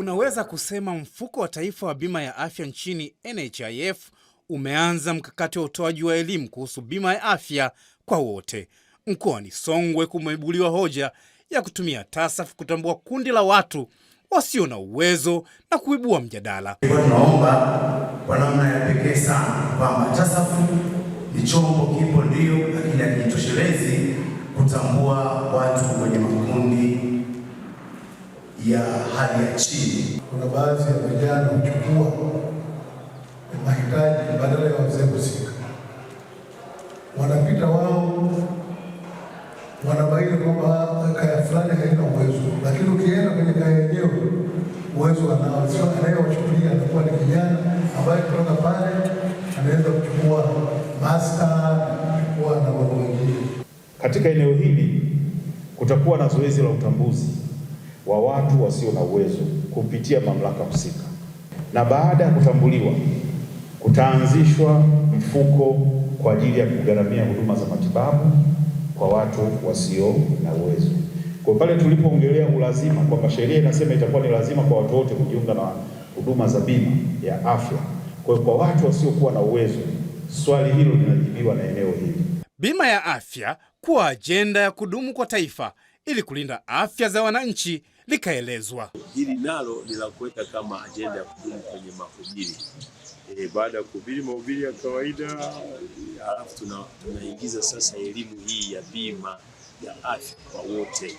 Unaweza kusema mfuko wa taifa wa bima ya afya nchini NHIF umeanza mkakati wa utoaji wa elimu kuhusu bima ya afya kwa wote. Mkoani Songwe kumeibuliwa hoja ya kutumia TASAF kutambua kundi la watu wasio na uwezo na kuibua mjadala. Tunaomba kwa namna ya pekee sana kwamba TASAF ni chombo kipo ndio, lakini hakijitoshelezi kutambua watu wenye makundi ya hali ya chini. Kuna baadhi ya vijana huchukua mahitaji badala ya wazee husika, wanapita wao, wanabaini kwamba kaya fulani haina uwezo, lakini ukienda kwenye kaya yenyewe uwezo wanao. anayewachukulia anakuwa ni kijana ambaye kutoka pale anaweza kuchukua masta kuchukua na watu wengine. Katika eneo hili kutakuwa na zoezi la utambuzi wa watu wasio na uwezo kupitia mamlaka husika, na baada ya kutambuliwa kutaanzishwa mfuko kwa ajili ya kugharamia huduma za matibabu kwa watu wasio na uwezo. Kwa pale tulipoongelea ulazima kwamba sheria inasema itakuwa ni lazima kwa watu wote kujiunga na huduma za bima ya afya, kwa kwa watu wasiokuwa na uwezo, swali hilo linajibiwa na eneo hili. Bima ya afya kuwa ajenda ya kudumu kwa taifa ili kulinda afya za wananchi likaelezwa. Hili nalo ni la kuweka kama ajenda ya kudumu kwenye mahubiri e, baada ya kuhubiri mahubiri ya kawaida halafu tuna, tunaingiza sasa elimu hii ya bima ya afya kwa wote.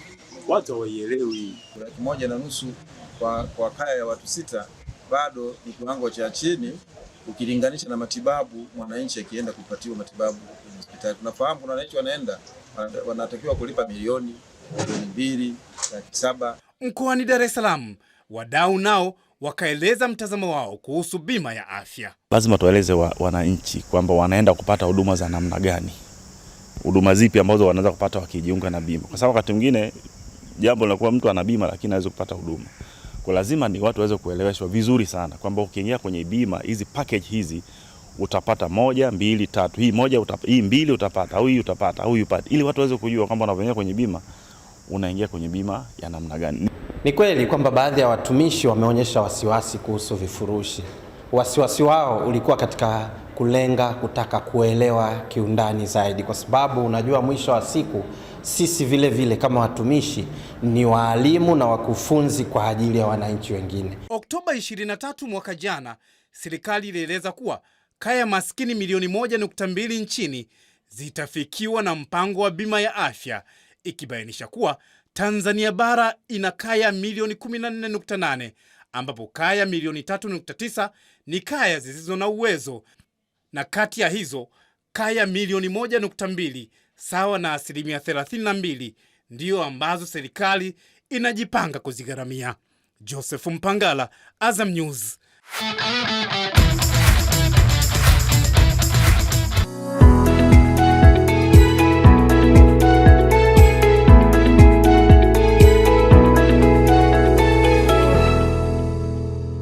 Watu hawaielewi. Laki moja na nusu kwa, kwa kaya ya watu sita bado ni kiwango cha chini ukilinganisha na matibabu mwananchi akienda kupatiwa matibabu kwenye hospitali. Tunafahamu kuna wananchi wanaenda wanatakiwa kulipa milioni milioni mbili laki saba mkoani Dar es Salaam, wadau nao wakaeleza mtazamo wao kuhusu bima ya afya. Lazima tuwaeleze wa, wananchi kwamba wanaenda kupata huduma za namna gani, huduma zipi ambazo wanaweza kupata wakijiunga na bima, kwa sababu wakati mwingine jambo linakuwa mtu ana bima lakini hawezi kupata huduma. Kwa lazima ni watu waweze kueleweshwa vizuri sana kwamba ukiingia kwenye bima hizi, package hizi utapata moja, mbili, tatu, hii moja utapata, hii mbili utapata, au hii utapata, au hii upate. ili watu waweze kujua kwamba wanavyoingia kwenye bima unaingia kwenye bima ya namna gani. Ni kweli kwamba baadhi ya watumishi wameonyesha wasiwasi kuhusu vifurushi. Wasiwasi wao ulikuwa katika kulenga kutaka kuelewa kiundani zaidi, kwa sababu unajua, mwisho wa siku sisi vile vile kama watumishi ni waalimu na wakufunzi kwa ajili ya wananchi wengine. Oktoba 23 mwaka jana, serikali ilieleza kuwa kaya maskini milioni 1.2 nchini zitafikiwa na mpango wa bima ya afya ikibainisha kuwa Tanzania bara ina kaya milioni 14.8 ambapo kaya milioni 3.9 ni kaya zisizo na uwezo na kati ya hizo kaya milioni 1.2 sawa na asilimia 32 ndiyo ambazo serikali inajipanga kuzigharamia. Joseph Mpangala, Azam News.